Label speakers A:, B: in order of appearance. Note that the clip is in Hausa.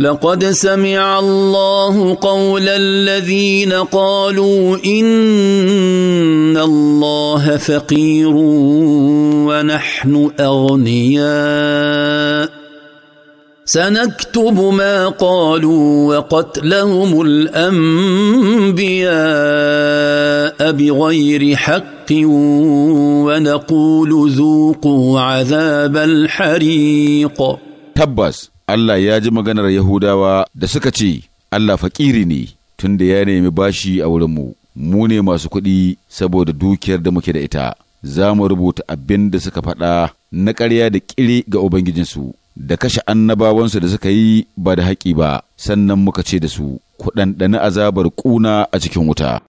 A: لقد سمع الله قول الذين قالوا ان الله فقير ونحن اغنياء سنكتب ما قالوا وقتلهم الانبياء بغير حق ونقول ذوقوا عذاب
B: الحريق تبس Allah ya ji maganar Yahudawa da suka ce, Allah faƙiri ne tun da ya nemi bashi a wurinmu, mu ne masu kuɗi saboda dukiyar da muke da ita, za mu rubuta abin da suka faɗa na ƙarya da ƙiri ga Ubangijinsu, da kashe annabawansu da suka yi ba da haƙi ba, sannan muka ce da su, ku ɗanɗani azabar ƙuna a cikin wuta.